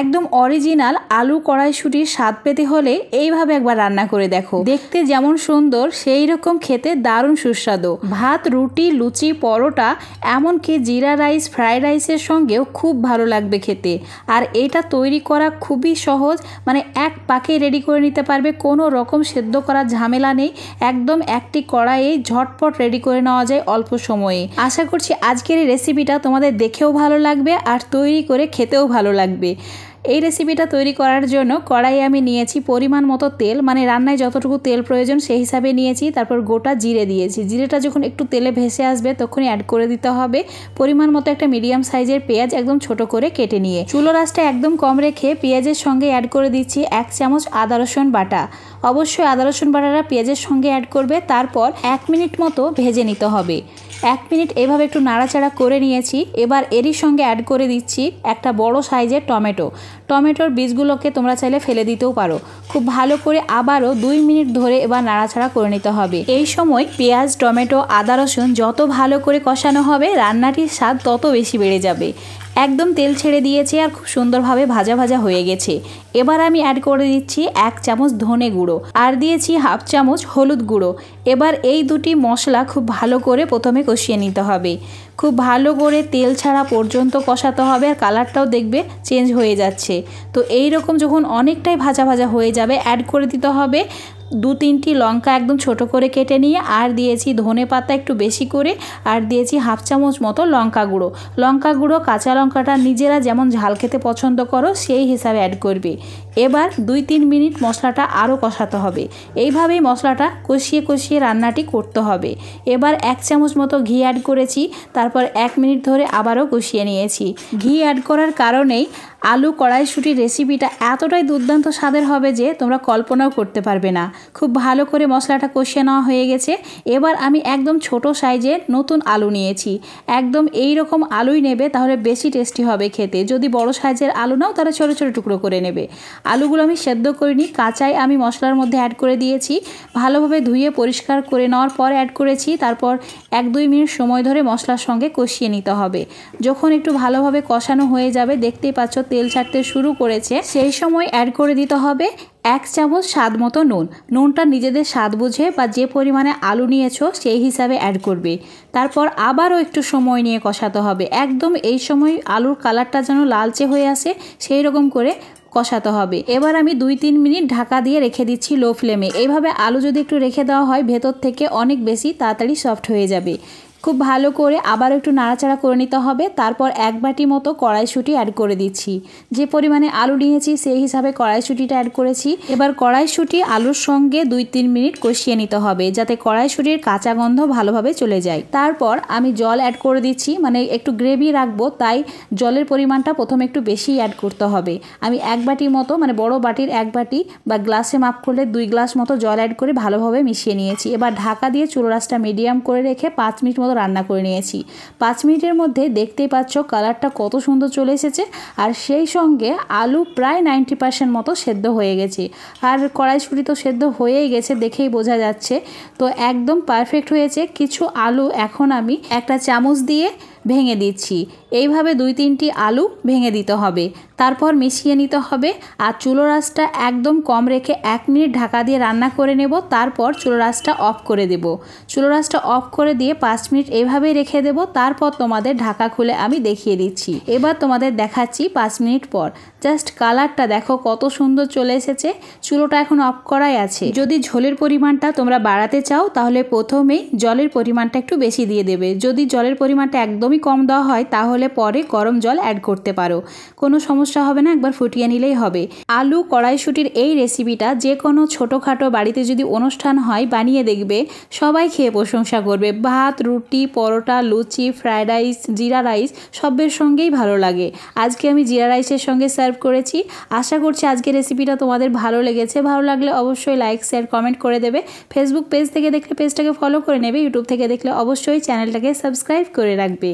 একদম অরিজিনাল আলু কড়াইশুটির স্বাদ পেতে হলে এইভাবে একবার রান্না করে দেখো দেখতে যেমন সুন্দর সেই রকম খেতে দারুণ সুস্বাদু ভাত রুটি লুচি পরোটা এমনকি জিরা রাইস ফ্রাইড রাইসের সঙ্গেও খুব ভালো লাগবে খেতে আর এটা তৈরি করা খুবই সহজ মানে এক পাকে রেডি করে নিতে পারবে কোনো রকম সেদ্ধ করার ঝামেলা নেই একদম একটি কড়াইয়ে ঝটপট রেডি করে নেওয়া যায় অল্প সময়ে আশা করছি আজকের এই রেসিপিটা তোমাদের দেখেও ভালো লাগবে আর তৈরি করে খেতেও ভালো লাগবে এই রেসিপিটা তৈরি করার জন্য কড়াই আমি নিয়েছি পরিমাণ মতো তেল মানে রান্নায় যতটুকু তেল প্রয়োজন সেই হিসাবে নিয়েছি তারপর গোটা জিরে দিয়েছি জিরেটা যখন একটু তেলে ভেসে আসবে তখনই অ্যাড করে দিতে হবে পরিমাণ মতো একটা মিডিয়াম সাইজের পেঁয়াজ একদম ছোট করে কেটে নিয়ে চুলো রাসটা একদম কম রেখে পেঁয়াজের সঙ্গে অ্যাড করে দিচ্ছি এক চামচ আদা রসুন বাটা অবশ্যই আদা রসুন বাটাটা পেঁয়াজের সঙ্গে অ্যাড করবে তারপর এক মিনিট মতো ভেজে নিতে হবে এক মিনিট এভাবে একটু নাড়াচাড়া করে নিয়েছি এবার এরই সঙ্গে অ্যাড করে দিচ্ছি একটা বড় সাইজের টমেটো টমেটোর বীজগুলোকে তোমরা চাইলে ফেলে দিতেও পারো খুব ভালো করে আবারও দুই মিনিট ধরে এবার নাড়াচাড়া করে নিতে হবে এই সময় পেঁয়াজ টমেটো আদা রসুন যত ভালো করে কষানো হবে রান্নাটির স্বাদ তত বেশি বেড়ে যাবে একদম তেল ছেড়ে দিয়েছে আর খুব সুন্দরভাবে ভাজা ভাজা হয়ে গেছে এবার আমি অ্যাড করে দিচ্ছি এক চামচ ধনে গুঁড়ো আর দিয়েছি হাফ চামচ হলুদ গুঁড়ো এবার এই দুটি মশলা খুব ভালো করে প্রথমে কষিয়ে নিতে হবে খুব ভালো করে তেল ছাড়া পর্যন্ত কষাতে হবে আর কালারটাও দেখবে চেঞ্জ হয়ে যাচ্ছে তো এই রকম যখন অনেকটাই ভাজা ভাজা হয়ে যাবে অ্যাড করে দিতে হবে দু তিনটি লঙ্কা একদম ছোট করে কেটে নিয়ে আর দিয়েছি ধনে পাতা একটু বেশি করে আর দিয়েছি হাফ চামচ মতো লঙ্কা গুঁড়ো লঙ্কা গুঁড়ো কাঁচা লঙ্কাটা নিজেরা যেমন ঝাল খেতে পছন্দ করো সেই হিসাবে অ্যাড করবে এবার দুই তিন মিনিট মশলাটা আরও কষাতে হবে এইভাবেই মশলাটা কষিয়ে কষিয়ে রান্নাটি করতে হবে এবার এক চামচ মতো ঘি অ্যাড করেছি তারপর এক মিনিট ধরে আবারও কষিয়ে নিয়েছি ঘি অ্যাড করার কারণেই আলু কড়াইশুটির রেসিপিটা এতটাই দুর্দান্ত স্বাদের হবে যে তোমরা কল্পনাও করতে পারবে না খুব ভালো করে মশলাটা কষিয়ে নেওয়া হয়ে গেছে এবার আমি একদম ছোট সাইজের নতুন আলু নিয়েছি একদম এই রকম আলুই নেবে তাহলে বেশি টেস্টি হবে খেতে যদি বড় সাইজের আলু নাও তাহলে ছোটো ছোটো টুকরো করে নেবে আলুগুলো আমি সেদ্ধ করিনি কাঁচাই আমি মশলার মধ্যে অ্যাড করে দিয়েছি ভালোভাবে ধুয়ে পরিষ্কার করে নেওয়ার পর অ্যাড করেছি তারপর এক দুই মিনিট সময় ধরে মশলার সঙ্গে কষিয়ে নিতে হবে যখন একটু ভালোভাবে কষানো হয়ে যাবে দেখতেই পাচ্ছ তেল ছাড়তে শুরু করেছে সেই সময় অ্যাড করে দিতে হবে এক চামচ স্বাদ মতো নুন নুনটা নিজেদের স্বাদ বুঝে বা যে পরিমাণে আলু নিয়েছো সেই হিসাবে অ্যাড করবে তারপর আবারও একটু সময় নিয়ে কষাতে হবে একদম এই সময় আলুর কালারটা যেন লালচে হয়ে আসে সেই রকম করে কষাতে হবে এবার আমি দুই তিন মিনিট ঢাকা দিয়ে রেখে দিচ্ছি লো ফ্লেমে এইভাবে আলু যদি একটু রেখে দেওয়া হয় ভেতর থেকে অনেক বেশি তাড়াতাড়ি সফট হয়ে যাবে খুব ভালো করে আবার একটু নাড়াচাড়া করে নিতে হবে তারপর এক বাটি মতো কড়াইশুঁটি অ্যাড করে দিচ্ছি যে পরিমাণে আলু নিয়েছি সেই হিসাবে কড়াইশুঁটিটা অ্যাড করেছি এবার কড়াইশুঁটি আলুর সঙ্গে দুই তিন মিনিট কষিয়ে নিতে হবে যাতে কড়াইশুঁটির কাঁচা গন্ধ ভালোভাবে চলে যায় তারপর আমি জল অ্যাড করে দিচ্ছি মানে একটু গ্রেভি রাখবো তাই জলের পরিমাণটা প্রথমে একটু বেশি অ্যাড করতে হবে আমি এক বাটি মতো মানে বড় বাটির এক বাটি বা গ্লাসে মাপ করলে দুই গ্লাস মতো জল অ্যাড করে ভালোভাবে মিশিয়ে নিয়েছি এবার ঢাকা দিয়ে চুলো রাসটা মিডিয়াম করে রেখে পাঁচ মিনিট মতো রান্না করে নিয়েছি পাঁচ মিনিটের মধ্যে দেখতেই পাচ্ছ কালারটা কত সুন্দর চলে এসেছে আর সেই সঙ্গে আলু প্রায় নাইনটি পার্সেন্ট মতো সেদ্ধ হয়ে গেছে আর কড়াইশুটি তো সেদ্ধ হয়েই গেছে দেখেই বোঝা যাচ্ছে তো একদম পারফেক্ট হয়েছে কিছু আলু এখন আমি একটা চামচ দিয়ে ভেঙে দিচ্ছি এইভাবে দুই তিনটি আলু ভেঙে দিতে হবে তারপর মিশিয়ে নিতে হবে আর চুলো রাসটা একদম কম রেখে এক মিনিট ঢাকা দিয়ে রান্না করে নেব তারপর চুলো রাসটা অফ করে দেব চুলো রাসটা অফ করে দিয়ে পাঁচ মিনিট এভাবেই রেখে দেব তারপর তোমাদের ঢাকা খুলে আমি দেখিয়ে দিচ্ছি এবার তোমাদের দেখাচ্ছি পাঁচ মিনিট পর জাস্ট কালারটা দেখো কত সুন্দর চলে এসেছে চুলোটা এখন অফ করাই আছে যদি ঝোলের পরিমাণটা তোমরা বাড়াতে চাও তাহলে প্রথমেই জলের পরিমাণটা একটু বেশি দিয়ে দেবে যদি জলের পরিমাণটা একদম একদমই কম দেওয়া হয় তাহলে পরে গরম জল অ্যাড করতে পারো কোনো সমস্যা হবে না একবার ফুটিয়ে নিলেই হবে আলু কড়াইশুটির এই রেসিপিটা যে কোনো ছোটোখাটো বাড়িতে যদি অনুষ্ঠান হয় বানিয়ে দেখবে সবাই খেয়ে প্রশংসা করবে ভাত রুটি পরোটা লুচি ফ্রায়েড রাইস জিরা রাইস সবের সঙ্গেই ভালো লাগে আজকে আমি জিরা রাইসের সঙ্গে সার্ভ করেছি আশা করছি আজকে রেসিপিটা তোমাদের ভালো লেগেছে ভালো লাগলে অবশ্যই লাইক শেয়ার কমেন্ট করে দেবে ফেসবুক পেজ থেকে দেখলে পেজটাকে ফলো করে নেবে ইউটিউব থেকে দেখলে অবশ্যই চ্যানেলটাকে সাবস্ক্রাইব করে রাখবে